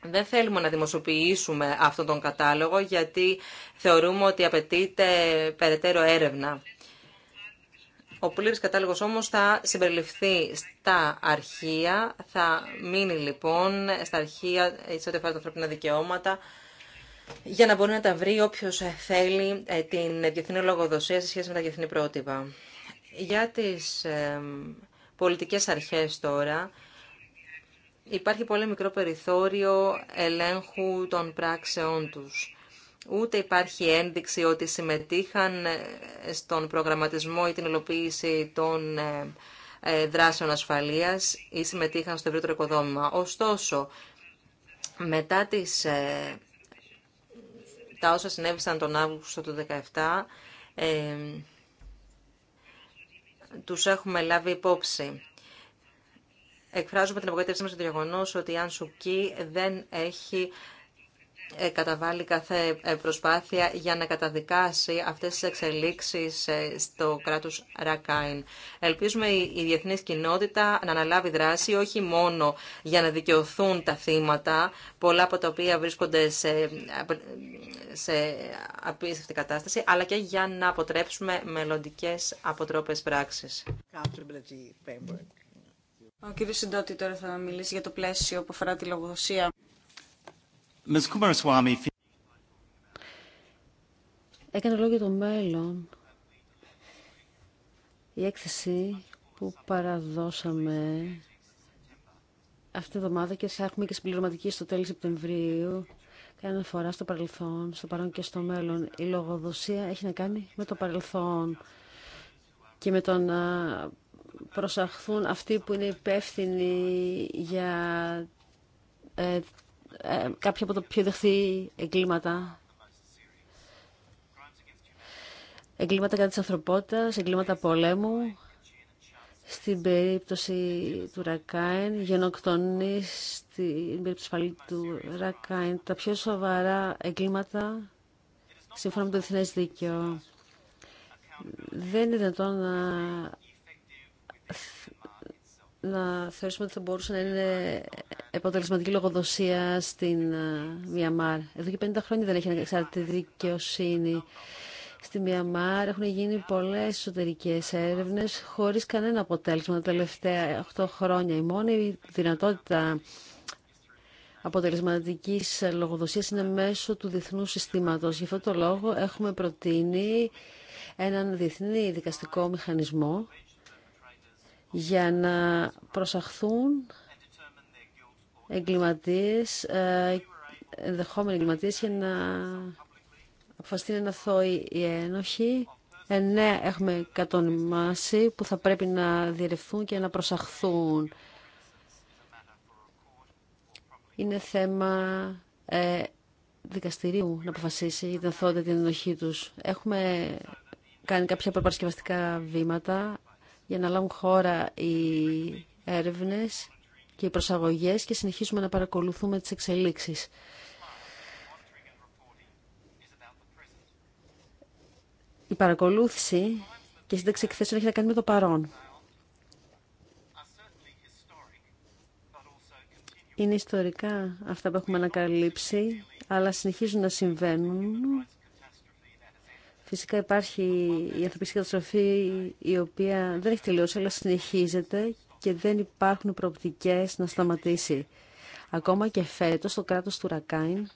Δεν θέλουμε να δημοσιοποιήσουμε αυτόν τον κατάλογο γιατί θεωρούμε ότι απαιτείται περαιτέρω έρευνα. Ο πλήρης κατάλογος όμως θα συμπεριληφθεί στα αρχεία, θα μείνει λοιπόν στα αρχεία σε ό,τι αφορά τα ανθρώπινα δικαιώματα για να μπορεί να τα βρει όποιος θέλει ε, την διεθνή λογοδοσία σε σχέση με τα διεθνή πρότυπα. Για τις ε, πολιτικές αρχές τώρα, υπάρχει πολύ μικρό περιθώριο ελέγχου των πράξεών τους. Ούτε υπάρχει ένδειξη ότι συμμετείχαν ε, στον προγραμματισμό ή την υλοποίηση των ε, ε, δράσεων ασφαλείας ή συμμετείχαν στο ευρύτερο οικοδόμημα. Ωστόσο, μετά τις, τα όσα συνέβησαν τον Αύγουστο του 2017, τους έχουμε λάβει υπόψη εκφράζουμε την απογοήτευσή μας στο το γεγονό ότι η Αν δεν έχει ε, καταβάλει κάθε ε, προσπάθεια για να καταδικάσει αυτές τις εξελίξεις ε, στο κράτος Ρακάιν. Ελπίζουμε η διεθνής κοινότητα να αναλάβει δράση όχι μόνο για να δικαιωθούν τα θύματα, πολλά από τα οποία βρίσκονται σε, σε απίστευτη κατάσταση, αλλά και για να αποτρέψουμε μελλοντικές αποτρόπες πράξεις. Ο κύριος Συντότη τώρα θα μιλήσει για το πλαίσιο που αφορά τη λογοδοσία. Έκανε λόγο για το μέλλον. Η έκθεση που παραδώσαμε αυτή την εβδομάδα και θα έχουμε και συμπληρωματική στο τέλος Σεπτεμβρίου κάνει αναφορά στο παρελθόν, στο παρόν και στο μέλλον. Η λογοδοσία έχει να κάνει με το παρελθόν και με τον προσαχθούν αυτοί που είναι υπεύθυνοι για ε, ε κάποια από τα πιο δεχθεί εγκλήματα. Εγκλήματα κατά της ανθρωπότητας, εγκλήματα πολέμου. Στην περίπτωση του Ρακάιν, γενοκτονή, στην περίπτωση του Ρακάιν, τα πιο σοβαρά εγκλήματα, σύμφωνα με το διεθνές δίκαιο. Δεν είναι δυνατόν να να θεωρήσουμε ότι θα μπορούσε να είναι αποτελεσματική λογοδοσία στην ε, Μιαμάρ. Εδώ και 50 χρόνια δεν έχει ανεξάρτητη δικαιοσύνη στη Μιαμάρ. Έχουν γίνει πολλέ εσωτερικέ έρευνε χωρίς κανένα αποτέλεσμα τα τελευταία 8 χρόνια. Η μόνη δυνατότητα αποτελεσματική λογοδοσία είναι μέσω του διεθνού συστήματο. Γι' αυτό το λόγο έχουμε προτείνει έναν διεθνή δικαστικό μηχανισμό για να προσαχθούν εγκληματίες, ε, ενδεχόμενοι εγκληματίες για να αποφαστεί να θόει η ένοχη. Εννέα έχουμε κατονομάσει που θα πρέπει να διερευθούν και να προσαχθούν. Είναι θέμα ε, δικαστηρίου να αποφασίσει για την αθότητα την ενοχή τους. Έχουμε κάνει κάποια προπαρασκευαστικά βήματα για να λάβουν χώρα οι έρευνες και οι προσαγωγές και συνεχίζουμε να παρακολουθούμε τις εξελίξεις. Η παρακολούθηση και η σύνταξη εκθέσεων έχει να κάνει με το παρόν. Είναι ιστορικά αυτά που έχουμε ανακαλύψει, αλλά συνεχίζουν να συμβαίνουν Φυσικά υπάρχει η ανθρωπιστική καταστροφή η οποία δεν έχει τελειώσει αλλά συνεχίζεται και δεν υπάρχουν προοπτικές να σταματήσει. Ακόμα και φέτος το κράτος του Ρακάιν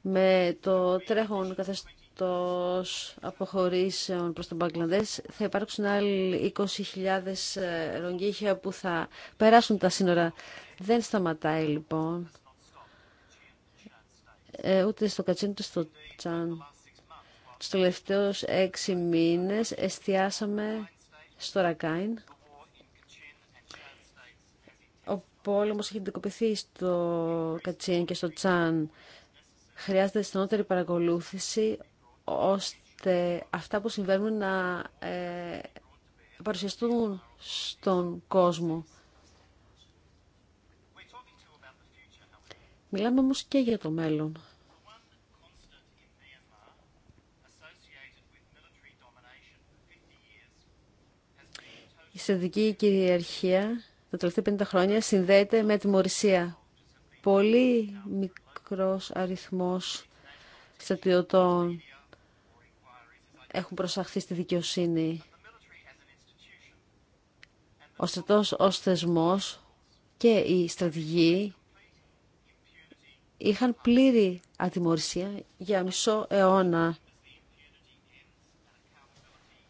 με το τρέχον καθεστώς αποχωρήσεων προς τον Μπαγκλαντές θα υπάρξουν άλλοι 20.000 ρογγίχια που θα περάσουν τα σύνορα. Δεν σταματάει λοιπόν ε, ούτε στο κατσίν ούτε στο τσάν. στο τελευταίους έξι μήνες εστιάσαμε στο Ρακάιν. Ο πόλεμος έχει εντικοποιηθεί στο Κατσίν και στο Τσάν. Χρειάζεται στενότερη παρακολούθηση ώστε αυτά που συμβαίνουν να ε, παρουσιαστούν στον κόσμο. Μιλάμε όμως και για το μέλλον. Η συνδική κυριαρχία τα τελευταία 50 χρόνια συνδέεται με μορισία. Πολύ μικρός αριθμός στρατιωτών έχουν προσαχθεί στη δικαιοσύνη. Ο στρατός ως θεσμός και η στρατηγοί είχαν πλήρη ατιμορρυσία για μισό αιώνα.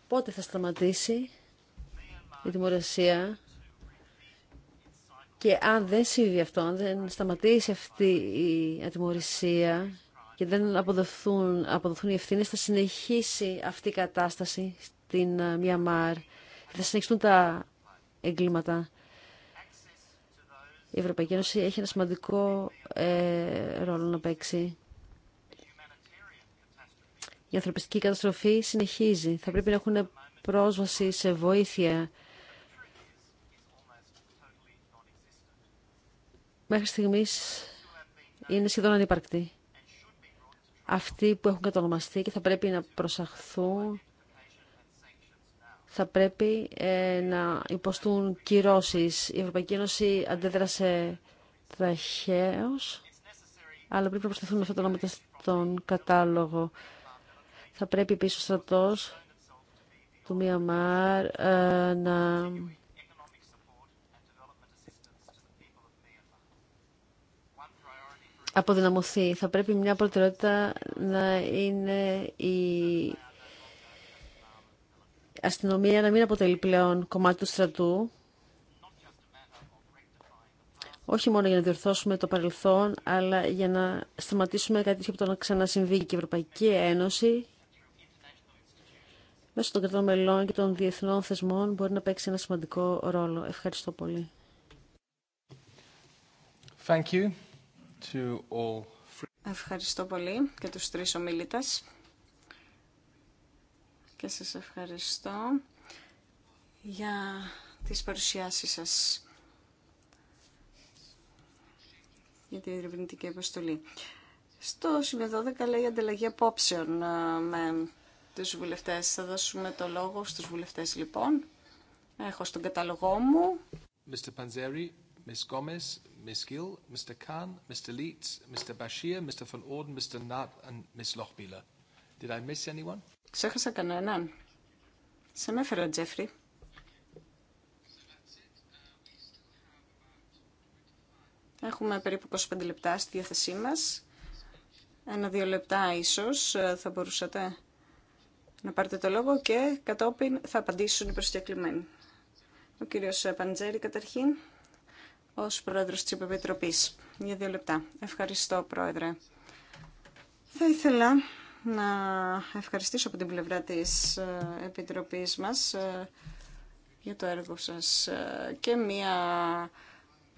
Πότε θα σταματήσει η και αν δεν συμβεί αυτό, αν δεν σταματήσει αυτή η ατιμορρησία και δεν αποδοθούν, αποδοθούν οι ευθύνε, θα συνεχίσει αυτή η κατάσταση στην ε, Μιαμάρ. Θα συνεχιστούν τα εγκλήματα. Η Ευρωπαϊκή Ένωση έχει ένα σημαντικό ε, ρόλο να παίξει. Η ανθρωπιστική καταστροφή συνεχίζει. Θα πρέπει να έχουν πρόσβαση σε βοήθεια μέχρι στιγμής είναι σχεδόν ανυπαρκτή. Αυτοί που έχουν κατονομαστεί και θα πρέπει να προσαχθούν, θα πρέπει ε, να υποστούν κυρώσεις. Η Ευρωπαϊκή Ένωση αντέδρασε ταχαίως, αλλά πρέπει να προσταθούν με αυτά τα στον κατάλογο. Θα πρέπει επίσης ο στρατός του Μιαμάρ ε, να αποδυναμωθεί. Θα πρέπει μια προτεραιότητα να είναι η αστυνομία να μην αποτελεί πλέον κομμάτι του στρατού, όχι μόνο για να διορθώσουμε το παρελθόν, αλλά για να σταματήσουμε κάτι τέτοιο από το να ξανασυμβεί. Και η Ευρωπαϊκή Ένωση, μέσω των κρατών μελών και των διεθνών θεσμών, μπορεί να παίξει ένα σημαντικό ρόλο. Ευχαριστώ πολύ. Thank you. Ευχαριστώ πολύ και τους τρεις ομιλητές και σας ευχαριστώ για τις παρουσιάσεις σας για την ερευνητική αποστολή. Στο σημείο 12 λέει ανταλλαγή απόψεων ε, με τους βουλευτές. Θα δώσουμε το λόγο στους βουλευτές λοιπόν. Έχω στον καταλογό μου. Mr. Panzeri, Ms. Gomez, Ms. Gill, Mr. Khan, Mr. Leitz, Mr. Bashir, Mr. Van Orden, Mr. and Ms. Lochbieler. Did I miss anyone? Ξέχασα κανέναν. Σε με Τζέφρι. Έχουμε περίπου 25 λεπτά στη διάθεσή μας. Ένα-δύο λεπτά ίσως ε, θα μπορούσατε να πάρετε το λόγο και κατόπιν θα απαντήσουν οι προσκεκλημένοι. Ο κύριος Παντζέρη καταρχήν ως πρόεδρος της Επιτροπής. Για δύο λεπτά. Ευχαριστώ, πρόεδρε. Θα ήθελα να ευχαριστήσω από την πλευρά της ε, Επιτροπής μας ε, για το έργο σας ε, και μία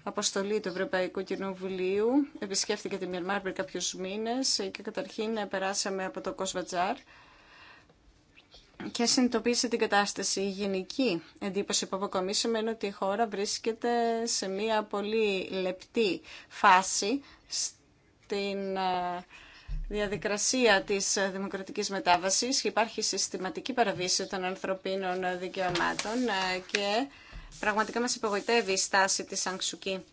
αποστολή του Ευρωπαϊκού Κοινοβουλίου. Επισκέφθηκε τη Μιερμάρ πριν κάποιους μήνες και καταρχήν περάσαμε από το Κοσβατζάρ και συνειδητοποίησε την κατάσταση. Η γενική εντύπωση που αποκομίσαμε είναι ότι η χώρα βρίσκεται σε μια πολύ λεπτή φάση στην ε, διαδικασία της δημοκρατικής μετάβασης. Υπάρχει συστηματική παραβίαση των ανθρωπίνων δικαιωμάτων ε, και πραγματικά μας υπογοητεύει η στάση της Αγξουκή.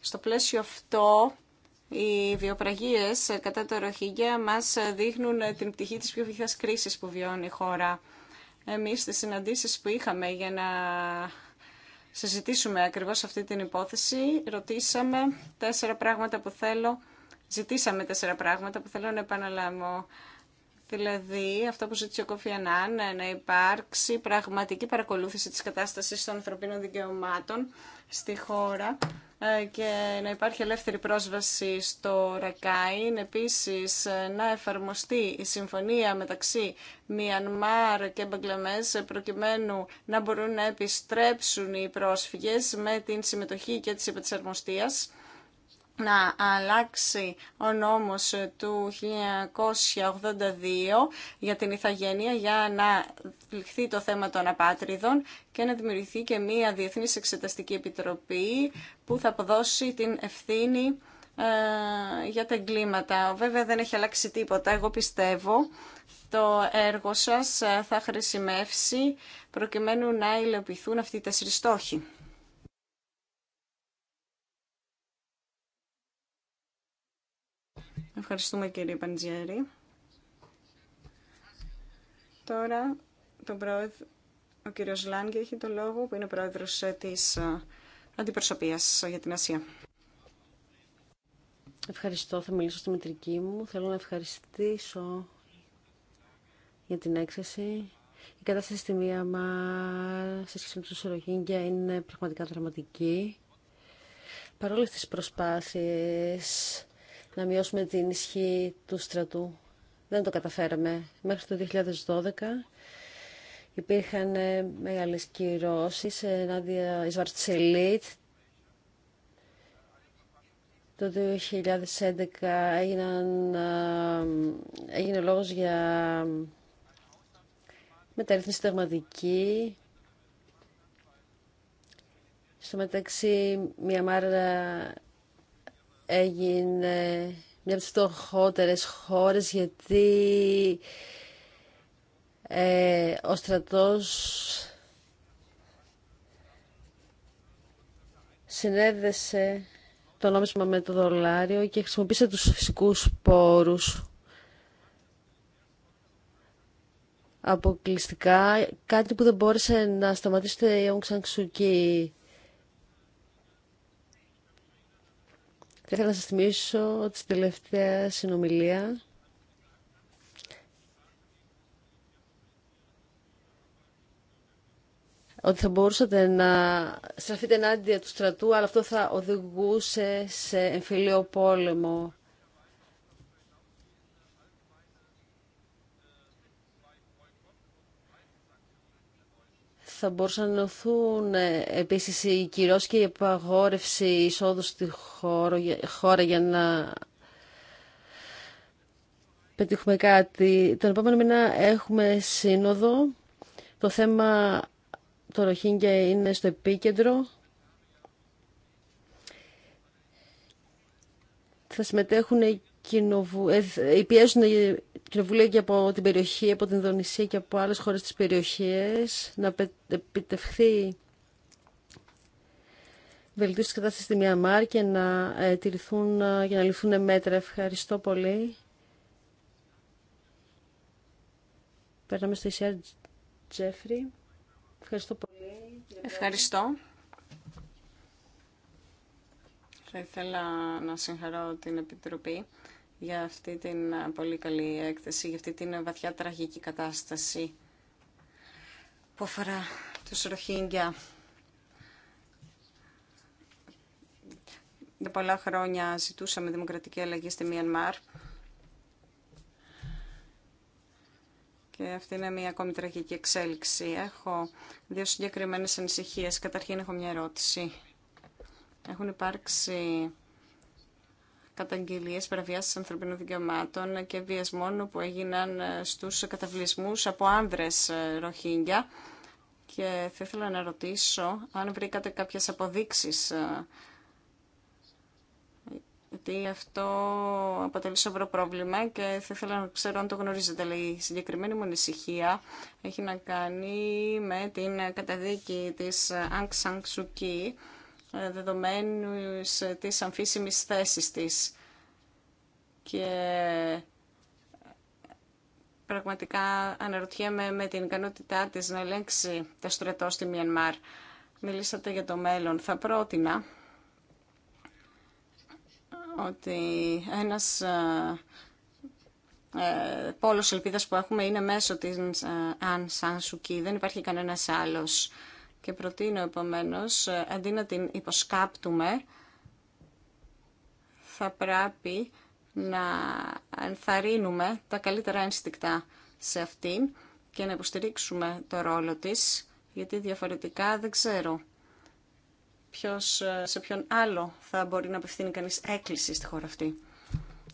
Στο πλαίσιο αυτό οι βιοπραγίες κατά το Ροχίγια μας δείχνουν την πτυχή της πιο βυθιάς κρίσης που βιώνει η χώρα. Εμείς στις συναντήσεις που είχαμε για να συζητήσουμε ακριβώς αυτή την υπόθεση, ρωτήσαμε τέσσερα πράγματα που θέλω, ζητήσαμε τέσσερα πράγματα που θέλω να επαναλάβω. Δηλαδή, αυτό που ζήτησε ο Κόφι ε, να υπάρξει πραγματική παρακολούθηση της κατάστασης των ανθρωπίνων δικαιωμάτων στη χώρα ε, και να υπάρχει ελεύθερη πρόσβαση στο Ρακάιν. Επίσης, ε, να εφαρμοστεί η συμφωνία μεταξύ Μιανμάρ και Μπαγκλαμές προκειμένου να μπορούν να επιστρέψουν οι πρόσφυγες με την συμμετοχή και της υπετσαρμοστίας να αλλάξει ο νόμος του 1982 για την Ιθαγένεια για να ληχθεί το θέμα των απάτριδων και να δημιουργηθεί και μία Διεθνής Εξεταστική Επιτροπή που θα αποδώσει την ευθύνη ε, για τα εγκλήματα. Βέβαια δεν έχει αλλάξει τίποτα. Εγώ πιστεύω το έργο σας ε, θα χρησιμεύσει προκειμένου να υλοποιηθούν αυτοί οι τέσσερις στόχοι. Ευχαριστούμε κύριε Παντζιέρη. Τώρα το πρόεδρο, ο κύριος Λάνγκη έχει το λόγο που είναι πρόεδρος ε, της ε, αντιπροσωπείας για την Ασία. Ευχαριστώ. Θα μιλήσω στη μητρική μου. Θέλω να ευχαριστήσω για την έκθεση. Η κατάσταση στη μία μα σε σχέση με τους Ροχίνγκια είναι πραγματικά δραματική. Παρόλε τις προσπάθειες να μειώσουμε την ισχύ του στρατού. Δεν το καταφέραμε. Μέχρι το 2012 υπήρχαν ε, μεγάλες κυρώσεις ενάντια εις Βαρτσελίτ. Το 2011 ε, έγινε λόγος για μεταρρύθμιση τεγματική. Στο μεταξύ, μάρα έγινε μια από τις φτωχότερες χώρες γιατί ε, ο στρατός συνέδεσε το νόμισμα με το δολάριο και χρησιμοποίησε τους φυσικούς πόρους αποκλειστικά, κάτι που δεν μπόρεσε να σταματήσει ο Aung Θα ήθελα να σας θυμίσω ότι τελευταία συνομιλία ότι θα μπορούσατε να στραφείτε ενάντια του στρατού, αλλά αυτό θα οδηγούσε σε εμφυλίο πόλεμο. Θα μπορούσαν να νοθούν ε, επίσης οι κυρώσεις και η απαγόρευση εισόδου στη χώρα για να πετύχουμε κάτι. Τον επόμενο μήνα έχουμε σύνοδο. Το θέμα το Ροχίνγκια είναι στο επίκεντρο. Θα συμμετέχουν ε, ε, πιέζουν κοινοβούλια και από την περιοχή, από την Δονησία και από άλλες χώρες της περιοχής να επιτευχθεί βελτίωση της κατάστασης στη Μιαμάρ και να ε, τηρηθούν και να ληφθούν μέτρα. Ευχαριστώ πολύ. Περνάμε στο Ισιάρ Τζέφρι. Ευχαριστώ πολύ. Ευχαριστώ. Θα ήθελα να συγχαρώ την Επιτροπή για αυτή την ε, πολύ καλή έκθεση, για αυτή την ε, βαθιά τραγική κατάσταση που αφορά τους Ροχίνγκια. Για πολλά χρόνια ζητούσαμε δημοκρατική αλλαγή στη Μιανμάρ. Και αυτή είναι μια ακόμη τραγική εξέλιξη. Έχω δύο συγκεκριμένες ανησυχίες. Καταρχήν έχω μια ερώτηση. Έχουν υπάρξει καταγγελίες παραβιάσεις ανθρωπίνων δικαιωμάτων και βιασμών που έγιναν ε, στους καταβλισμούς από άνδρες ε, Ροχίνγκια και θα ήθελα να ρωτήσω αν βρήκατε κάποιες αποδείξεις ε, γιατί αυτό αποτελεί σοβαρό πρόβλημα και θα ήθελα να ξέρω αν το γνωρίζετε. Αλλά η συγκεκριμένη μου ανησυχία έχει να κάνει με την καταδίκη της Αγκ ε, δεδομένου ε, της αμφίσιμης θέσης της. Και ε, πραγματικά αναρωτιέμαι με την ικανότητά της να ελέγξει το στρατό στη Μιανμάρ. Μιλήσατε για το μέλλον. Θα πρότεινα ότι ένας ε, πόλος ελπίδας που έχουμε είναι μέσω της Αν Σαν Σουκί. Δεν υπάρχει κανένας άλλος. Και προτείνω επομένως, ε, αντί να την υποσκάπτουμε, θα πρέπει να ενθαρρύνουμε τα καλύτερα ένστικτα σε αυτήν και να υποστηρίξουμε το ρόλο της, γιατί διαφορετικά δεν ξέρω ποιος, ε, σε ποιον άλλο θα μπορεί να απευθύνει κανείς έκκληση στη χώρα αυτή.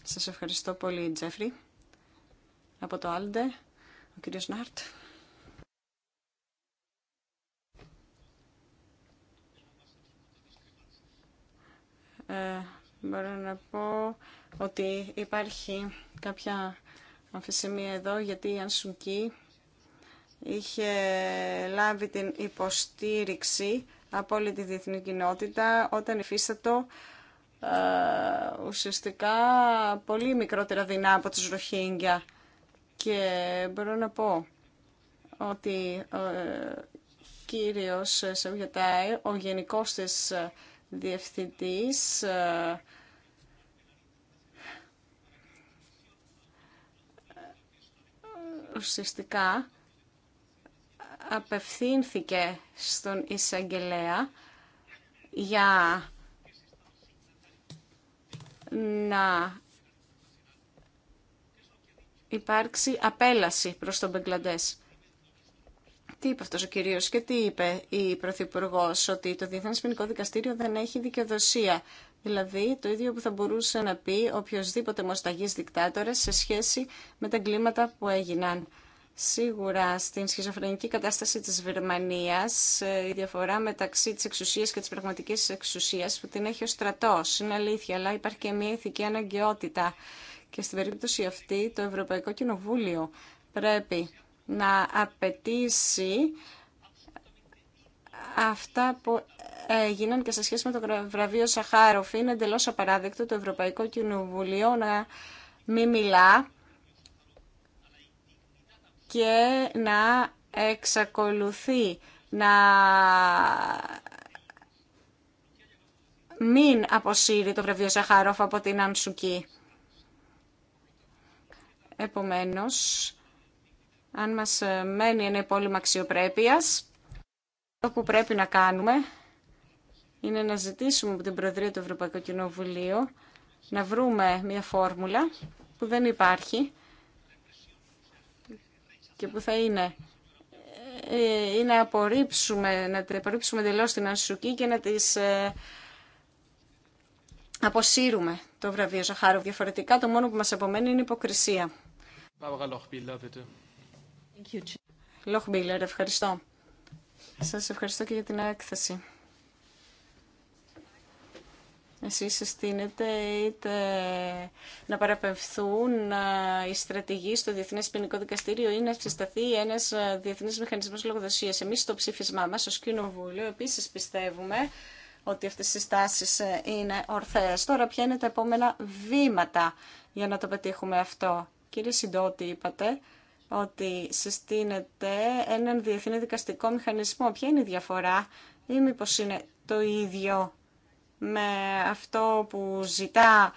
Σας ευχαριστώ πολύ, Τζέφρι. Από το Άλντε, ο κύριος Νάρτ. Ε, μπορώ να πω ότι υπάρχει κάποια αμφισημία εδώ γιατί η Ανσουκή είχε λάβει την υποστήριξη από όλη τη διεθνή κοινότητα όταν υφίστατο ε, ουσιαστικά πολύ μικρότερα δεινά από τους Ροχίνγκια. Και μπορώ να πω ότι ε, κύριος ο γενικός της ε, διευθυντής ε, ουσιαστικά απευθύνθηκε στον εισαγγελέα για να υπάρξει απέλαση προς τον Μπεγκλαντές. Τι είπε αυτό ο κυρίω και τι είπε η Πρωθυπουργό ότι το Διεθνέ Ποινικό Δικαστήριο δεν έχει δικαιοδοσία. Δηλαδή το ίδιο που θα μπορούσε να πει οποιοδήποτε μοσταγή δικτάτορα σε σχέση με τα εγκλήματα που έγιναν. Σίγουρα στην σχιζοφρενική κατάσταση της Βερμανίας ε, η διαφορά μεταξύ της εξουσίας και της πραγματικής εξουσίας που την έχει ο στρατός είναι αλήθεια, αλλά υπάρχει και μια ηθική αναγκαιότητα. Και στην περίπτωση αυτή το Ευρωπαϊκό Κοινοβούλιο πρέπει να απαιτήσει αυτά που έγιναν και σε σχέση με το βραβείο Σαχάροφ. Είναι εντελώς απαράδεκτο το Ευρωπαϊκό Κοινοβουλίο να μην μιλά και να εξακολουθεί να μην αποσύρει το βραβείο Σαχάροφ από την Ανσουκή. Επομένως, αν μας ε, μένει ένα υπόλοιμα αξιοπρέπεια, το που πρέπει να κάνουμε είναι να ζητήσουμε από την Προεδρία του Ευρωπαϊκού Κοινοβουλίου να βρούμε μια φόρμουλα που δεν υπάρχει και που θα είναι ή ε, ε, να απορρίψουμε, να την απορρίψουμε την Ανσουκή και να τις αποσύρουμε το βραβείο Ζαχάρο. Διαφορετικά το μόνο που μας απομένει είναι υποκρισία. Μπίλερ, ευχαριστώ. Σας ευχαριστώ και για την έκθεση. Εσείς συστήνετε είτε να παραπευθούν ε, οι στρατηγοί στο Διεθνές Ποινικό Δικαστήριο ή να συσταθεί ένας ε, διεθνής μηχανισμός λογοδοσίας. Εμείς στο ψήφισμά μας ως Κοινοβούλιο επίσης πιστεύουμε ότι αυτές οι στάσεις ε, είναι ορθές. Τώρα ποια είναι τα επόμενα βήματα για να το πετύχουμε αυτό. Κύριε Συντότη είπατε ότι συστήνεται έναν διεθνή δικαστικό μηχανισμό. Ποια είναι η διαφορά ή μήπω είναι το ίδιο με αυτό που ζητά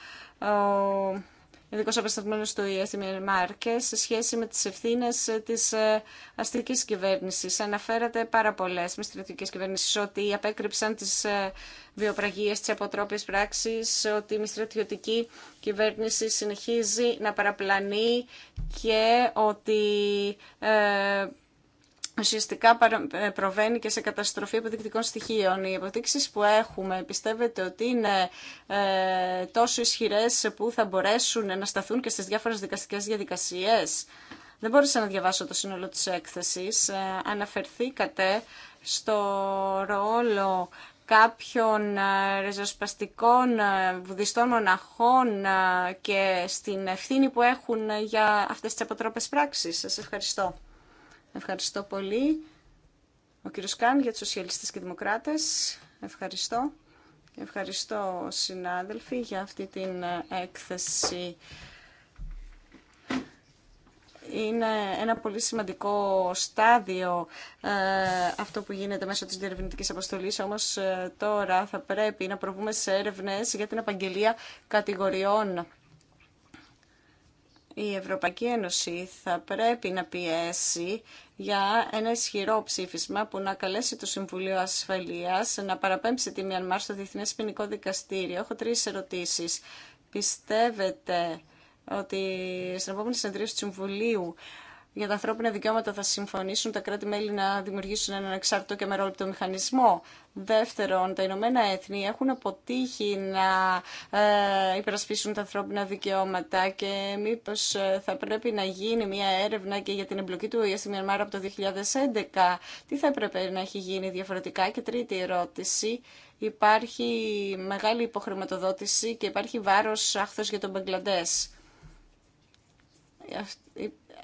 ειδικό απεσταλμένο του ΙΕ στη σε σχέση με τις ευθύνε ε, τη ε, αστική κυβέρνηση. Αναφέρατε πάρα πολλέ με στρατιωτικέ κυβέρνησεις ότι απέκρυψαν τις ε, βιοπραγίε, τις αποτρόπιες πράξεις, ότι η μη στρατιωτική κυβέρνηση συνεχίζει να παραπλανεί και ότι ουσιαστικά ε, προβαίνει και σε καταστροφή αποδεικτικών στοιχείων. Οι αποδείξει που έχουμε πιστεύετε ότι είναι ε, τόσο ισχυρέ που θα μπορέσουν να σταθούν και στι διάφορε δικαστικέ διαδικασίες. Δεν μπόρεσα να διαβάσω το σύνολο της έκθεσης. Ε, αναφερθήκατε στο ρόλο κάποιων ε, ριζοσπαστικών βουδιστών μοναχών και στην ευθύνη που έχουν για αυτές τις αποτρόπες πράξεις. Σας ευχαριστώ. Ευχαριστώ πολύ. Ο κύριος Καν για τους Σοσιαλιστές και Δημοκράτες. Ευχαριστώ. Ευχαριστώ συνάδελφοι για αυτή την ε, έκθεση. Είναι ένα πολύ σημαντικό στάδιο ε, αυτό που γίνεται μέσω της διερευνητικής αποστολής, όμως ε, τώρα θα πρέπει να προβούμε σε έρευνες για την απαγγελία κατηγοριών η Ευρωπαϊκή Ένωση θα πρέπει να πιέσει για ένα ισχυρό ψήφισμα που να καλέσει το Συμβουλίο Ασφαλείας να παραπέμψει τη Μιανμάρ στο διεθνέ Ποινικό Δικαστήριο. Έχω τρει ερωτήσεις. Πιστεύετε ότι στην επόμενη συνεδρία του Συμβουλίου για τα ανθρώπινα δικαιώματα θα συμφωνήσουν τα κράτη-μέλη να δημιουργήσουν έναν εξάρτητο και μερόληπτο μηχανισμό. Δεύτερον, τα Ηνωμένα Έθνη έχουν αποτύχει να ε, υπερασπίσουν τα ανθρώπινα δικαιώματα και μήπω ε, θα πρέπει να γίνει μια έρευνα και για την εμπλοκή του ΟΗΕ στη Μιανμάρα από το 2011. Τι θα έπρεπε να έχει γίνει διαφορετικά. Και τρίτη ερώτηση, υπάρχει μεγάλη υποχρηματοδότηση και υπάρχει βάρος άχθος για τον Μπαγκλαντές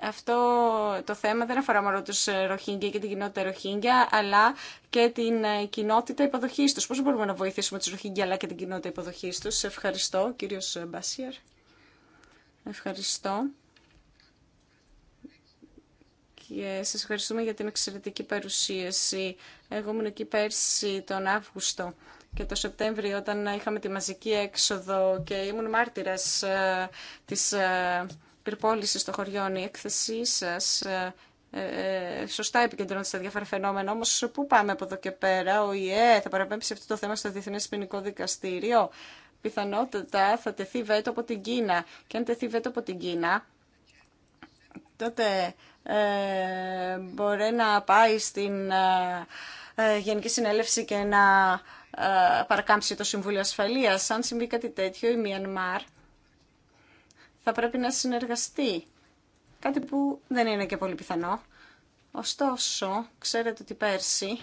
αυτό το θέμα δεν αφορά μόνο τους ε, Ροχίνγκια και την κοινότητα Ροχίνγκια, αλλά και την ε, κοινότητα υποδοχής τους. Πώς μπορούμε να βοηθήσουμε τους Ροχίνγκια αλλά και την κοινότητα υποδοχής τους. Ευχαριστώ, κύριος Μπασίερ. Ευχαριστώ. Και σας ευχαριστούμε για την εξαιρετική παρουσίαση. Εγώ ήμουν εκεί πέρσι τον Αύγουστο και το Σεπτέμβριο όταν είχαμε τη μαζική έξοδο και ήμουν μάρτυρας ε, της πυρπόληση στο χωριό. Η έκθεσή σας ε, ε, ε, σωστά επικεντρώνεται στα διάφορα φαινόμενα, Όμω, πού πάμε από εδώ και πέρα, ο ΙΕ θα παραπέμψει αυτό το θέμα στο διεθνέ Ποινικό Δικαστήριο. Πιθανότητα θα τεθεί βέτο από την Κίνα. Και αν τεθεί βέτο από την Κίνα, τότε ε, μπορεί να πάει στην Γενική Συνέλευση και να ε, παρακάμψει το Συμβούλιο Ασφαλείας. Αν συμβεί κάτι τέτοιο, η Μιανμάρ θα πρέπει να συνεργαστεί. Κάτι που δεν είναι και πολύ πιθανό. Ωστόσο, ξέρετε ότι πέρσι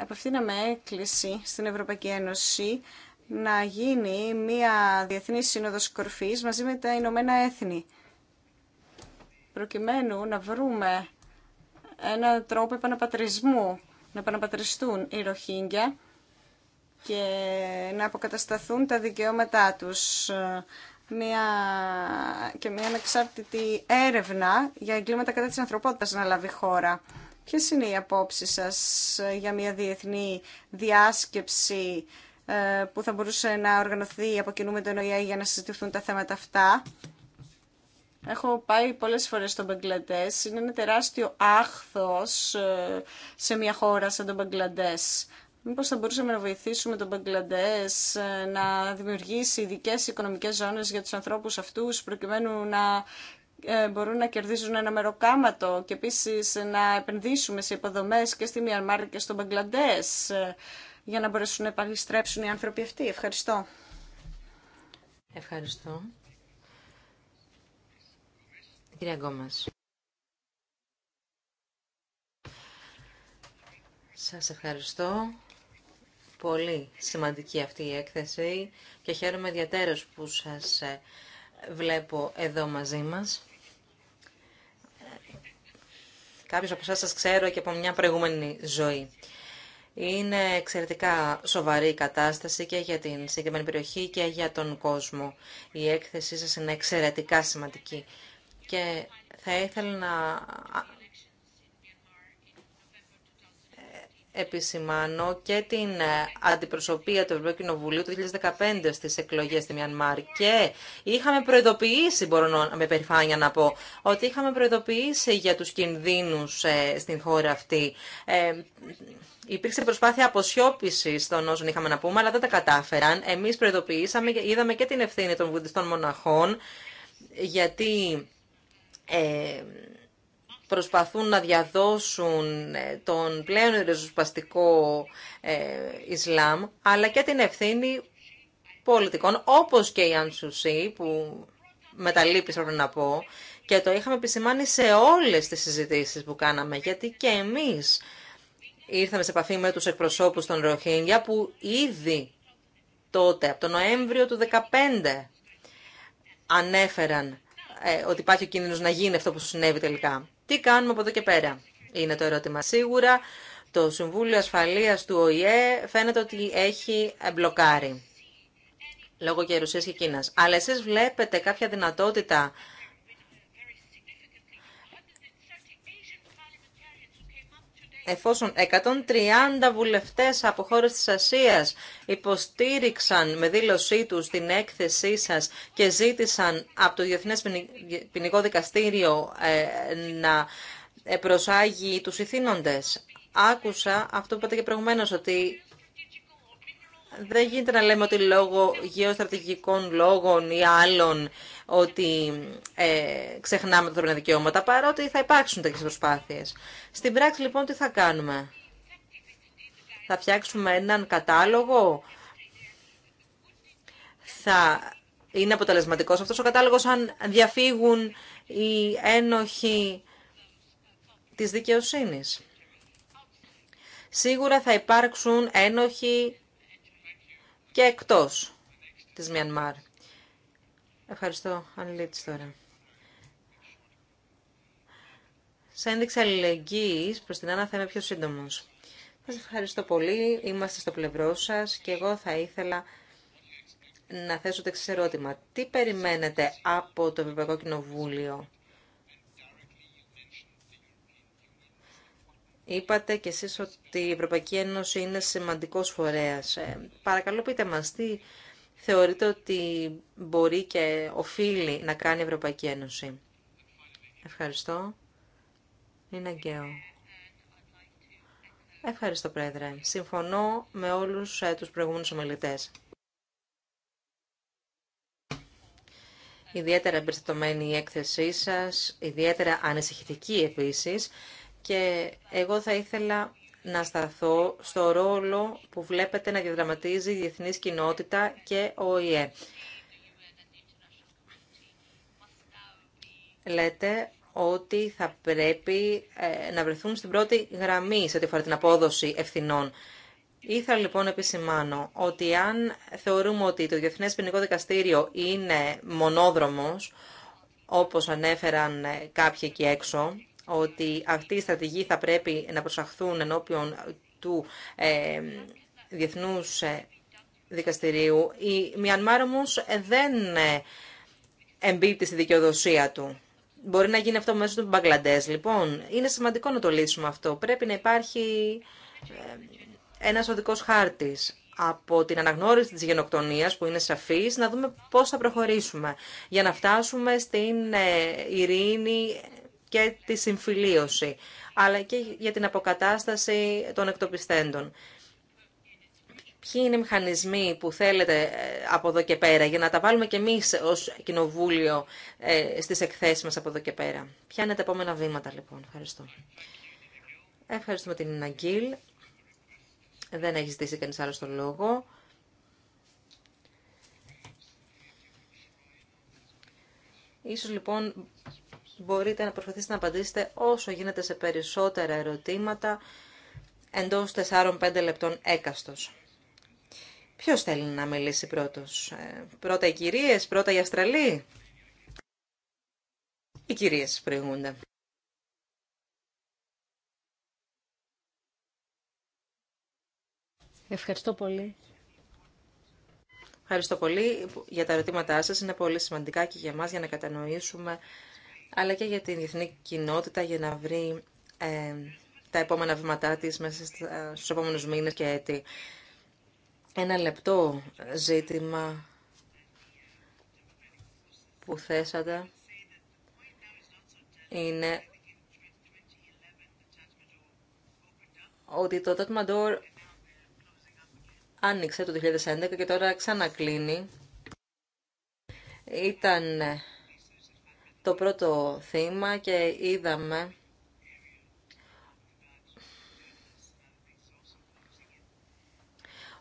απευθύναμε έκκληση στην Ευρωπαϊκή Ένωση να γίνει μια διεθνής σύνοδος κορφής μαζί με τα Ηνωμένα Έθνη προκειμένου να βρούμε ένα τρόπο επαναπατρισμού, να επαναπατριστούν οι Ροχίνγκια και να αποκατασταθούν τα δικαιώματά τους μια, και μια ανεξάρτητη έρευνα για εγκλήματα κατά της ανθρωπότητας να λάβει χώρα. Ποιε είναι οι απόψεις σας για μια διεθνή διάσκεψη ε, που θα μπορούσε να οργανωθεί από κοινού με τον ΟΗΑ για να συζητηθούν τα θέματα αυτά. Έχω πάει πολλές φορές στον Μπαγκλαντές. Είναι ένα τεράστιο άχθος ε, σε μια χώρα σαν τον Μπαγκλαντές. Μήπω θα μπορούσαμε να βοηθήσουμε τον Μπαγκλαντές ε, να δημιουργήσει ειδικέ οικονομικές ζώνες για τους ανθρώπους αυτούς προκειμένου να ε, μπορούν να κερδίζουν ένα μεροκάματο και επίση να επενδύσουμε σε υποδομέ και στη Μιανμάρ και στον Μπαγκλαντές ε, για να μπορέσουν να επαληστρέψουν οι άνθρωποι αυτοί. Ευχαριστώ. Ευχαριστώ. Κυρία Γκόμας. Σας ευχαριστώ πολύ σημαντική αυτή η έκθεση και χαίρομαι ιδιαίτερως που σας ε, βλέπω εδώ μαζί μας. Κάποιος από εσάς σας ξέρω και από μια προηγούμενη ζωή. Είναι εξαιρετικά σοβαρή η κατάσταση και για την συγκεκριμένη περιοχή και για τον κόσμο. Η έκθεσή σας είναι εξαιρετικά σημαντική. Και θα ήθελα να επισημάνω και την ε, αντιπροσωπεία του Ευρωπαϊκού Κοινοβουλίου το 2015 στις εκλογές στη Μιανμάρ και είχαμε προειδοποιήσει, μπορώ με περηφάνεια να πω, ότι είχαμε προειδοποιήσει για τους κινδύνους ε, στην χώρα αυτή. Ε, υπήρξε προσπάθεια αποσιώπησης των όσων είχαμε να πούμε, αλλά δεν τα κατάφεραν. Εμείς προειδοποιήσαμε είδαμε και την ευθύνη των βουδιστών μοναχών, γιατί... Ε, προσπαθούν να διαδώσουν ε, τον πλέον ριζοσπαστικό ε, Ισλάμ, αλλά και την ευθύνη πολιτικών, όπως και η Ανσουσί, που μεταλείπει πρέπει να πω, και το είχαμε επισημάνει σε όλες τις συζητήσεις που κάναμε, γιατί και εμείς ήρθαμε σε επαφή με τους εκπροσώπους των Ροχίνγκια, που ήδη τότε, από τον Νοέμβριο του 2015, ανέφεραν ε, ότι υπάρχει ο κίνδυνος να γίνει αυτό που συνέβη τελικά. Τι κάνουμε από εδώ και πέρα, είναι το ερώτημα. Σίγουρα το Συμβούλιο Ασφαλείας του ΟΗΕ φαίνεται ότι έχει μπλοκάρει λόγω και Ρουσίας και Κίνας. Αλλά εσείς βλέπετε κάποια δυνατότητα εφόσον 130 βουλευτές από χώρες της Ασίας υποστήριξαν με δήλωσή τους την έκθεσή σας και ζήτησαν από το Διεθνές Ποινικό Δικαστήριο ε, να ε, προσάγει τους ηθήνοντες. Άκουσα αυτό που είπατε και προηγουμένως, ότι δεν γίνεται να λέμε ότι λόγω γεωστρατηγικών λόγων ή άλλων ότι ε, ξεχνάμε τα δικαιώματα, παρότι θα υπάρξουν τέτοιε προσπάθειε. Στην πράξη, λοιπόν, τι θα κάνουμε. Θα φτιάξουμε έναν κατάλογο. Θα είναι αποτελεσματικός αυτός ο κατάλογος αν διαφύγουν οι ένοχοι της δικαιοσύνης. Σίγουρα θα υπάρξουν ένοχοι και εκτός της Μιανμάρ. Ευχαριστώ, Ανιλίτς, τώρα. Σε ένδειξη αλληλεγγύης προς την Άννα θα είμαι πιο σύντομος. Σας ευχαριστώ πολύ. Είμαστε στο πλευρό σας και εγώ θα ήθελα να θέσω το ερώτημα. Τι περιμένετε από το Ευρωπαϊκό Κοινοβούλιο. Είπατε κι εσείς ότι η Ευρωπαϊκή Ένωση είναι σημαντικός φορέας. Ε, παρακαλώ πείτε μας τι θεωρείτε ότι μπορεί και οφείλει να κάνει η Ευρωπαϊκή Ένωση. Ευχαριστώ. Είναι αγκαίο. Ευχαριστώ, Πρόεδρε. Συμφωνώ με όλους ε, τους προηγούμενους ομιλητές. Ιδιαίτερα εμπεριστατωμένη η έκθεσή σας, ιδιαίτερα ανησυχητική επίσης. Και εγώ θα ήθελα να σταθώ στο ρόλο που βλέπετε να διαδραματίζει η διεθνή κοινότητα και ο ΙΕ. Λέτε ότι θα πρέπει ε, να βρεθούν στην πρώτη γραμμή σε ό,τι αφορά την απόδοση ευθυνών. Ήθελα λοιπόν να επισημάνω ότι αν θεωρούμε ότι το Διεθνές Ποινικό Δικαστήριο είναι μονόδρομος, όπως ανέφεραν κάποιοι εκεί έξω, ότι αυτή η στρατηγή θα πρέπει να προσαχθούν ενώπιον του ε, Διεθνούς ε, Δικαστηρίου. Η Μιανμάρ όμω δεν ε, εμπίπτει στη δικαιοδοσία του. Μπορεί να γίνει αυτό μέσω του Μπαγκλαντές. Λοιπόν, είναι σημαντικό να το λύσουμε αυτό. Πρέπει να υπάρχει ε, ένας οδικός χάρτης από την αναγνώριση της γενοκτονίας που είναι σαφής, να δούμε πώς θα προχωρήσουμε για να φτάσουμε στην ειρήνη και τη συμφιλίωση, αλλά και για την αποκατάσταση των εκτοπιστέντων. Ποιοι είναι οι μηχανισμοί που θέλετε ε, από εδώ και πέρα, για να τα βάλουμε και εμείς ως Κοινοβούλιο ε, στις εκθέσεις μας από εδώ και πέρα. Ποια είναι τα επόμενα βήματα, λοιπόν. Ευχαριστώ. Ευχαριστούμε την Αγγίλ. Δεν έχει ζητήσει κανείς άλλο τον λόγο. Ίσως λοιπόν μπορείτε να προσπαθήσετε να απαντήσετε όσο γίνεται σε περισσότερα ερωτήματα εντός 4-5 λεπτών έκαστος. Ποιος θέλει να μιλήσει πρώτος, ε, πρώτα οι κυρίες, πρώτα οι Αστραλοί. Οι κυρίες προηγούνται. Ευχαριστώ πολύ. Ευχαριστώ πολύ για τα ερωτήματά σας. Είναι πολύ σημαντικά και για μας για να κατανοήσουμε αλλά και για την διεθνή κοινότητα για να βρει ε, τα επόμενα βήματά της μέσα στους επόμενους μήνες και έτη. Ένα λεπτό ζήτημα που θέσατε είναι ότι το Τατμαντόρ άνοιξε το 2011 και τώρα ξανακλίνει. Ήταν το πρώτο θύμα και είδαμε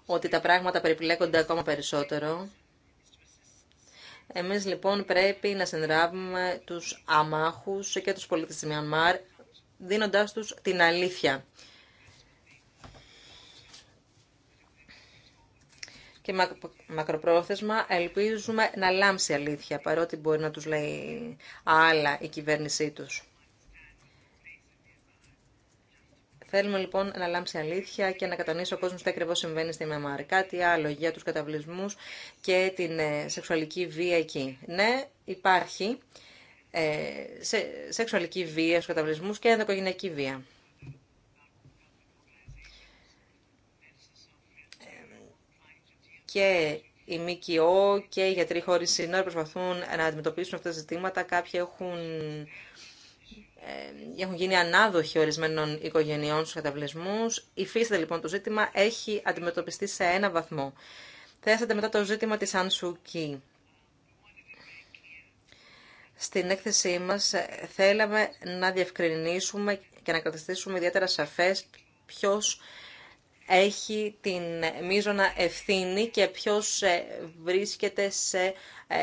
ότι τα πράγματα περιπλέκονται ακόμα περισσότερο. Εμείς λοιπόν πρέπει να συνδράβουμε τους αμάχους και τους πολίτες της Μιανμάρ, δίνοντάς τους την αλήθεια και μακροπρόθεσμα ελπίζουμε να λάμψει αλήθεια, παρότι μπορεί να τους λέει άλλα η κυβέρνησή τους. Θέλουμε λοιπόν να λάμψει αλήθεια και να κατανοήσει ο κόσμο τι ακριβώ συμβαίνει στη ΜΜΑΡ. Κάτι άλλο για του καταβλισμού και την ε, σεξουαλική βία εκεί. Ναι, υπάρχει ε, σεξουαλική βία στου καταβλισμού και ενδοκογενειακή βία. και οι ΜΚΟ και οι γιατροί χωρίς σύνορα προσπαθούν να αντιμετωπίσουν αυτά τα ζητήματα. Κάποιοι έχουν, ε, έχουν γίνει ανάδοχοι ορισμένων οικογενειών στους Η φύση, λοιπόν το ζήτημα, έχει αντιμετωπιστεί σε ένα βαθμό. Θέσατε μετά το ζήτημα της Ανσουκή. Στην έκθεσή μας ε, θέλαμε να διευκρινίσουμε και να καταστήσουμε ιδιαίτερα σαφές ποιος έχει την μείζωνα ευθύνη και ποιος ε, βρίσκεται σε ε,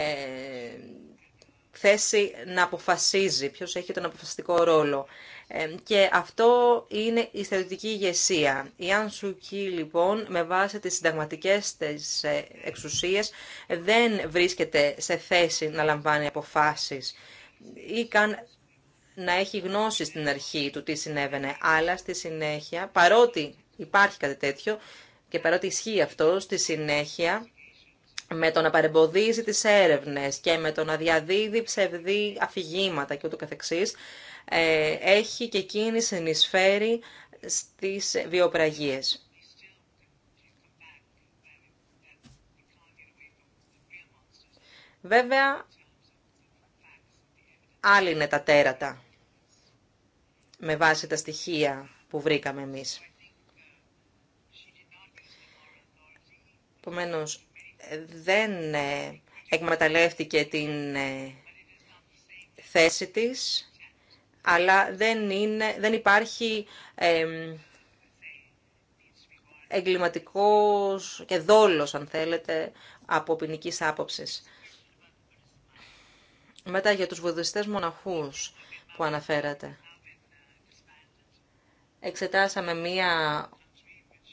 θέση να αποφασίζει, ποιος έχει τον αποφασιστικό ρόλο. Ε, και αυτό είναι η στρατιωτική ηγεσία. Η Αν λοιπόν, με βάση τις συνταγματικές της εξουσίες, δεν βρίσκεται σε θέση να λαμβάνει αποφάσεις ή καν να έχει γνώση στην αρχή του τι συνέβαινε. Αλλά στη συνέχεια, παρότι υπάρχει κάτι τέτοιο και παρότι ισχύει αυτό στη συνέχεια με το να παρεμποδίζει τις έρευνες και με το να διαδίδει ψευδή αφηγήματα και ούτω καθεξής, ε, έχει και εκείνη συνεισφέρει στις βιοπραγίες. Βέβαια, άλλοι είναι τα τέρατα με βάση τα στοιχεία που βρήκαμε εμείς. Επομένω, δεν ε, εκμεταλλεύτηκε την ε, θέση της, αλλά δεν, είναι, δεν υπάρχει εγκληματικός και δόλος, αν θέλετε, από ποινική άποψη. Μετά για τους βουδιστές μοναχούς που αναφέρατε. Εξετάσαμε μία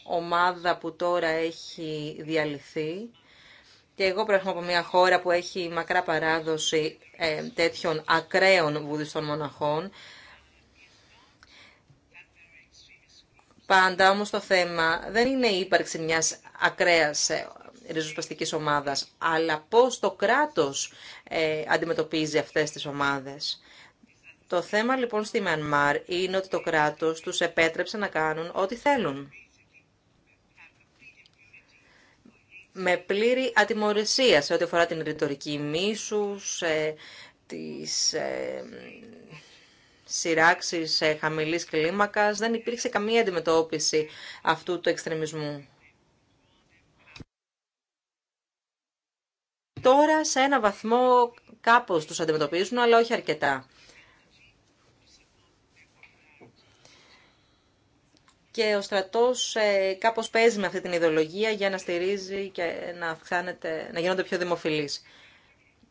ομάδα που τώρα έχει διαλυθεί και εγώ προέρχομαι από μια χώρα που έχει μακρά παράδοση ε, τέτοιων ακραίων βουδιστών μοναχών. Πάντα όμως το θέμα δεν είναι η ύπαρξη μιας ακραίας ε, ριζοσπαστικής ομάδας, αλλά πώς το κράτος ε, αντιμετωπίζει αυτές τις ομάδες. Το θέμα λοιπόν στη Μανμάρ είναι ότι το κράτος τους επέτρεψε να κάνουν ό,τι θέλουν. με πλήρη ατιμορρησία σε ό,τι αφορά την ρητορική μίσου, ε, τις ε, σειράξεις ε, χαμηλής κλίμακας. Δεν υπήρξε καμία αντιμετώπιση αυτού του εξτρεμισμού. Τώρα σε ένα βαθμό κάπως τους αντιμετωπίζουν, αλλά όχι αρκετά. και ο στρατός ε, κάπως παίζει με αυτή την ιδεολογία για να στηρίζει και να αυξάνεται, να γίνονται πιο δημοφιλείς.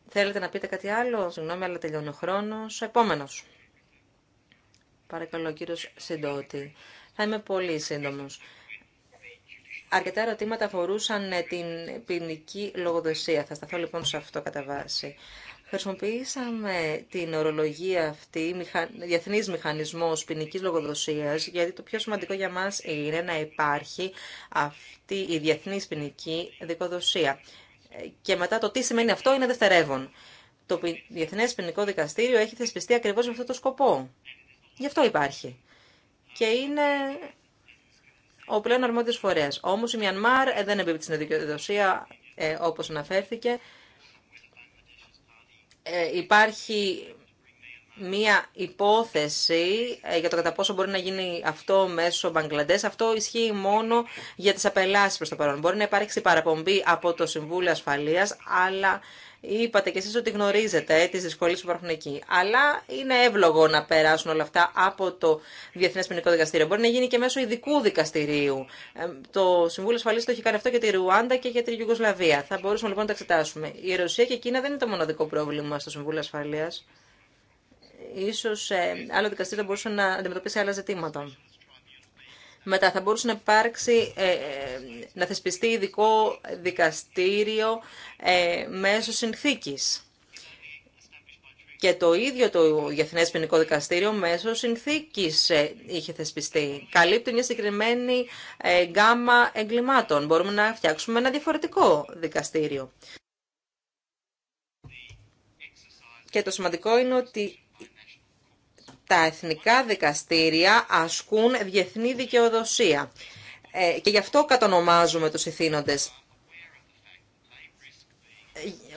Θέλετε να πείτε κάτι άλλο, συγγνώμη, αλλά τελειώνει ο χρόνος. Επόμενος. Παρακαλώ, κύριο Σιντότη. Θα είμαι πολύ σύντομος. Αρκετά ερωτήματα αφορούσαν ε, την ποινική λογοδοσία. Θα σταθώ λοιπόν σε αυτό κατά βάση. Χρησιμοποίησαμε την ορολογία αυτή, διεθνή μηχανισμό ποινική λογοδοσία, γιατί το πιο σημαντικό για μα είναι να υπάρχει αυτή η διεθνή ποινική δικοδοσία. Και μετά το τι σημαίνει αυτό είναι δευτερεύον. Το Διεθνέ Ποινικό Δικαστήριο έχει θεσπιστεί ακριβώ με αυτό το σκοπό. Γι' αυτό υπάρχει. Και είναι ο πλέον αρμόδιο φορέα. Όμω η Μιανμάρ δεν εμπίπτει στην δικαιοδοσία, ε, όπω αναφέρθηκε. Ε, υπάρχει μία υπόθεση ε, για το κατά πόσο μπορεί να γίνει αυτό μέσω Μπαγκλαντές. Αυτό ισχύει μόνο για τις απελάσεις προς το παρόν. Μπορεί να υπάρξει παραπομπή από το Συμβούλιο Ασφαλείας, αλλά Είπατε και εσείς ότι γνωρίζετε ε, τις δυσκολίες που υπάρχουν εκεί. Αλλά είναι εύλογο να περάσουν όλα αυτά από το Διεθνές Ποινικό Δικαστήριο. Μπορεί να γίνει και μέσω ειδικού δικαστηρίου. Ε, το Συμβούλιο Ασφαλής το έχει κάνει αυτό για τη Ρουάντα και για τη Γιουγκοσλαβία Θα μπορούσαμε λοιπόν να τα εξετάσουμε. Η Ρωσία και η Κίνα δεν είναι το μοναδικό πρόβλημα στο Συμβούλιο Ασφαλείας. Ίσως ε, άλλο δικαστήριο θα μπορούσε να αντιμετωπίσει άλλα ζητήματα μετά θα μπορούσε να υπάρξει, ε, ε, να θεσπιστεί ειδικό δικαστήριο ε, μέσω συνθήκης. Και το ίδιο το Διεθνέ Ποινικό Δικαστήριο μέσω συνθήκη είχε θεσπιστεί. Καλύπτει μια συγκεκριμένη γκάμα εγκλημάτων. Μπορούμε να φτιάξουμε ένα διαφορετικό δικαστήριο. Και το σημαντικό είναι ότι τα εθνικά δικαστήρια ασκούν διεθνή δικαιοδοσία. Ε, και γι' αυτό κατονομάζουμε τους ηθήνοντες.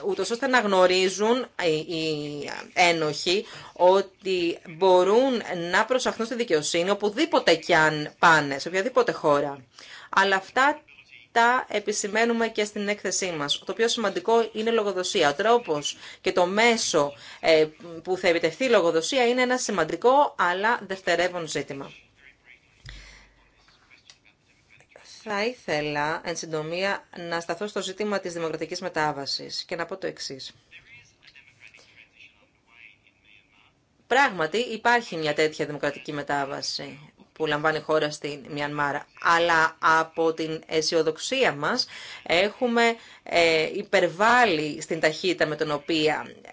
Ούτως ώστε να γνωρίζουν οι ένοχοι ότι μπορούν να προσαχθούν στη δικαιοσύνη οπουδήποτε κι αν πάνε, σε οποιαδήποτε χώρα. Αλλά αυτά τα επισημαίνουμε και στην έκθεσή μας. Το πιο σημαντικό είναι η λογοδοσία. Ο τρόπος και το μέσο ε, που θα επιτευχθεί η λογοδοσία είναι ένα σημαντικό αλλά δευτερεύον ζήτημα. Θα ήθελα, εν συντομία, να σταθώ στο ζήτημα της δημοκρατικής μετάβασης και να πω το εξής. Πράγματι, υπάρχει μια τέτοια δημοκρατική μετάβαση που λαμβάνει η χώρα στην Μιανμάρα. Αλλά από την αισιοδοξία μας έχουμε ε, υπερβάλλει στην ταχύτητα με την οποία ε,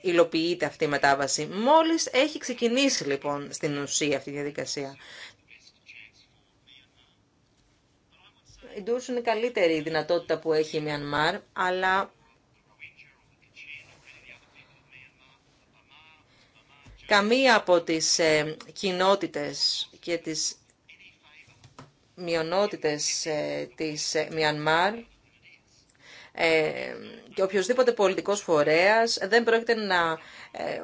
υλοποιείται αυτή η μετάβαση. Μόλις έχει ξεκινήσει λοιπόν στην ουσία αυτή η διαδικασία. Η Ντούρς είναι η καλύτερη δυνατότητα που έχει η Μιανμάρ, αλλά καμία από τις ε, κοινότητες και τις μειονότητες ε, της ε, Μιανμάρ και οποιοδήποτε πολιτικός φορέας δεν πρόκειται να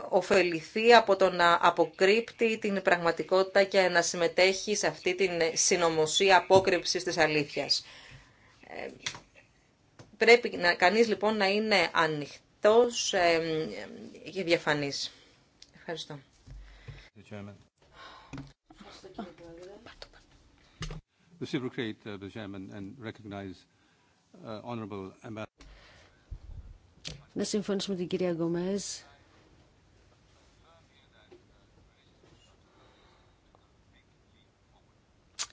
ωφεληθεί από το να αποκρύπτει την πραγματικότητα και να συμμετέχει σε αυτή την συνωμοσία απόκρυψης της αλήθειας. Πρέπει να, κανείς λοιπόν να είναι ανοιχτός και διαφανής. Ευχαριστώ. Uh, uh, Να συμφωνήσουμε με την κυρία Γκομέζ.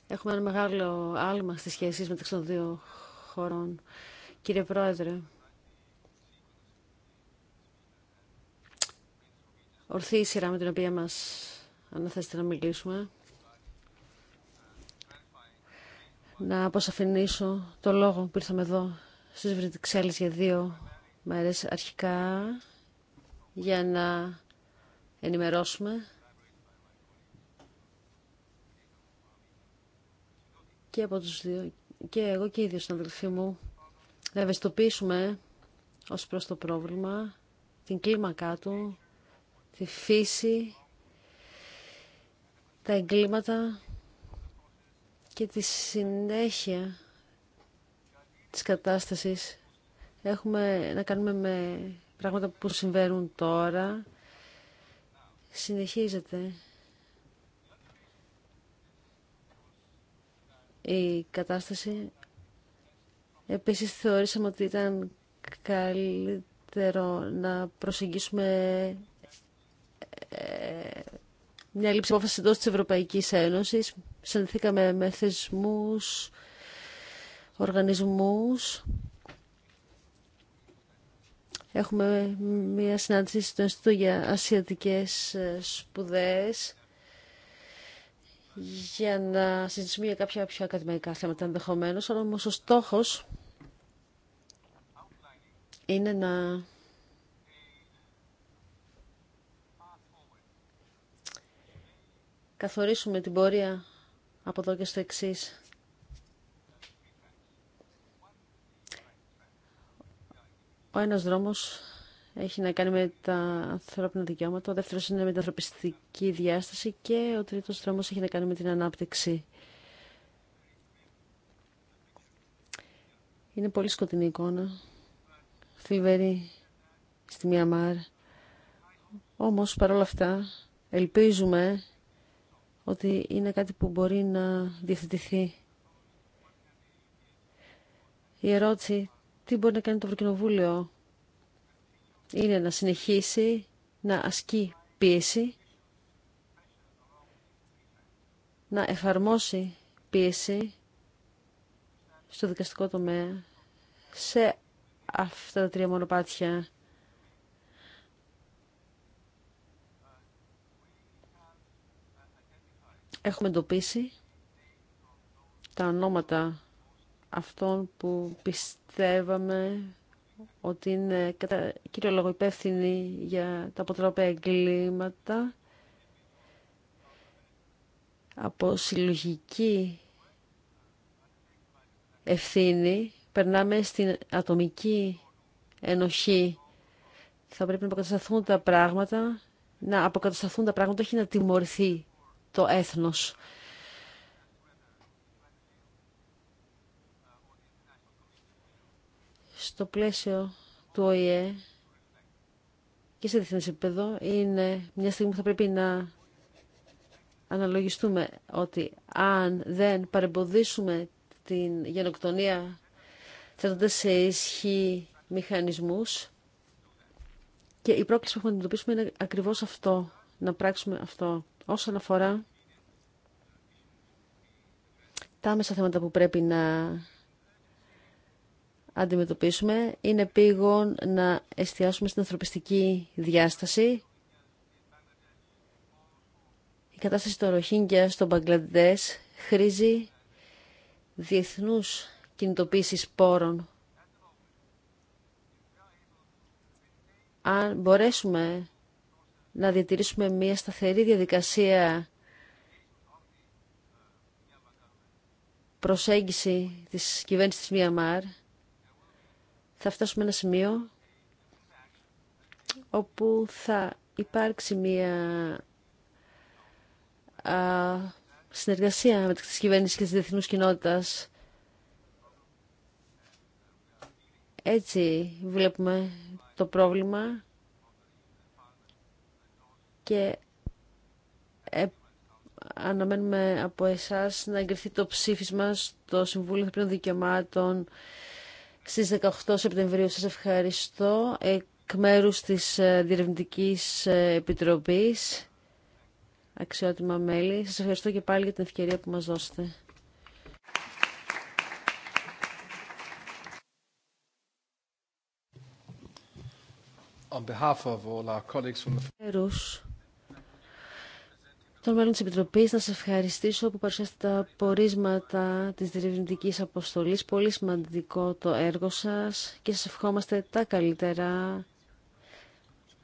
Έχουμε ένα μεγάλο άλμα στις σχέσεις μεταξύ των δύο χωρών. Κύριε Πρόεδρε, Ορθή η σειρά με την οποία μας αναθέσετε να μιλήσουμε. Να αποσαφηνίσω το λόγο που ήρθαμε εδώ στις Βρυξέλλες για δύο μέρες αρχικά για να ενημερώσουμε και από τους δύο και εγώ και οι δύο συναδελφοί μου να ευαισθητοποιήσουμε ως προς το πρόβλημα την κλίμακά του τη φύση, τα εγκλήματα και τη συνέχεια της κατάστασης. Έχουμε να κάνουμε με πράγματα που συμβαίνουν τώρα. Συνεχίζεται η κατάσταση. Επίσης θεωρήσαμε ότι ήταν καλύτερο να προσεγγίσουμε μια λήψη απόφαση εντό τη Ευρωπαϊκή Ένωση. Συνθήκαμε με θεσμού, οργανισμού. Έχουμε μια συνάντηση στο Ινστιτούτο για Ασιατικές ε, Σπουδές για να συζητήσουμε για κάποια πιο ακαδημαϊκά θέματα ενδεχομένω, αλλά όμω ο στόχος είναι να καθορίσουμε την πορεία από εδώ και στο εξή. Ο ένας δρόμος έχει να κάνει με τα ανθρώπινα δικαιώματα, ο δεύτερος είναι με την ανθρωπιστική διάσταση και ο τρίτος δρόμος έχει να κάνει με την ανάπτυξη. Είναι πολύ σκοτεινή εικόνα, θλιβερή στη Μιαμάρ. Όμως, παρόλα αυτά, ελπίζουμε ότι είναι κάτι που μπορεί να διευθυντηθεί. Η ερώτηση, τι μπορεί να κάνει το Ευρωκοινοβούλιο, είναι να συνεχίσει να ασκεί πίεση, να εφαρμόσει πίεση στο δικαστικό τομέα σε αυτά τα τρία μονοπάτια Έχουμε εντοπίσει τα ονόματα αυτών που πιστεύαμε ότι είναι κατά κύριο λόγο υπεύθυνοι για τα αποτρόπαια εγκλήματα από συλλογική ευθύνη περνάμε στην ατομική ενοχή. Θα πρέπει να αποκατασταθούν τα πράγματα, να αποκατασταθούν τα πράγματα, όχι να τιμωρηθεί το έθνος. Στο πλαίσιο του ΟΗΕ και σε διεθνές επίπεδο είναι μια στιγμή που θα πρέπει να αναλογιστούμε ότι αν δεν παρεμποδίσουμε την γενοκτονία θέτοντας σε ισχύ μηχανισμούς και η πρόκληση που έχουμε να αντιμετωπίσουμε είναι ακριβώς αυτό, να πράξουμε αυτό όσον αφορά τα άμεσα θέματα που πρέπει να αντιμετωπίσουμε, είναι πήγον να εστιάσουμε στην ανθρωπιστική διάσταση. Η κατάσταση των Ροχίνγκια στον Μπαγκλαντές χρήζει διεθνούς κινητοποίησης πόρων. Αν μπορέσουμε να διατηρήσουμε μια σταθερή διαδικασία προσέγγιση της κυβέρνησης της Μιαμάρ, θα φτάσουμε ένα σημείο όπου θα υπάρξει μια α, συνεργασία μεταξύ της κυβέρνησης και της διεθνούς κοινότητας. Έτσι βλέπουμε το πρόβλημα και ε, αναμένουμε από εσάς να εγκριθεί το ψήφισμα στο Συμβούλιο Ανθρωπίνων Δικαιωμάτων στις 18 Σεπτεμβρίου. Σας ευχαριστώ εκ μέρους της ε, Διερευνητικής ε, Επιτροπής, αξιότιμα μέλη. Σας ευχαριστώ και πάλι για την ευκαιρία που μας δώσετε. On behalf of our colleagues from των μέλλον τη Επιτροπή, να σας ευχαριστήσω που παρουσιάσετε τα πορίσματα της διευρυντική αποστολή. Πολύ σημαντικό το έργο σας και σα ευχόμαστε τα καλύτερα.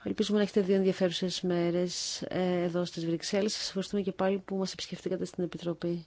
Ελπίζουμε να έχετε δύο ενδιαφέρουσε μέρες ε, εδώ στις Βρυξέλλες. Σα ευχαριστούμε και πάλι που μας επισκεφτήκατε στην Επιτροπή.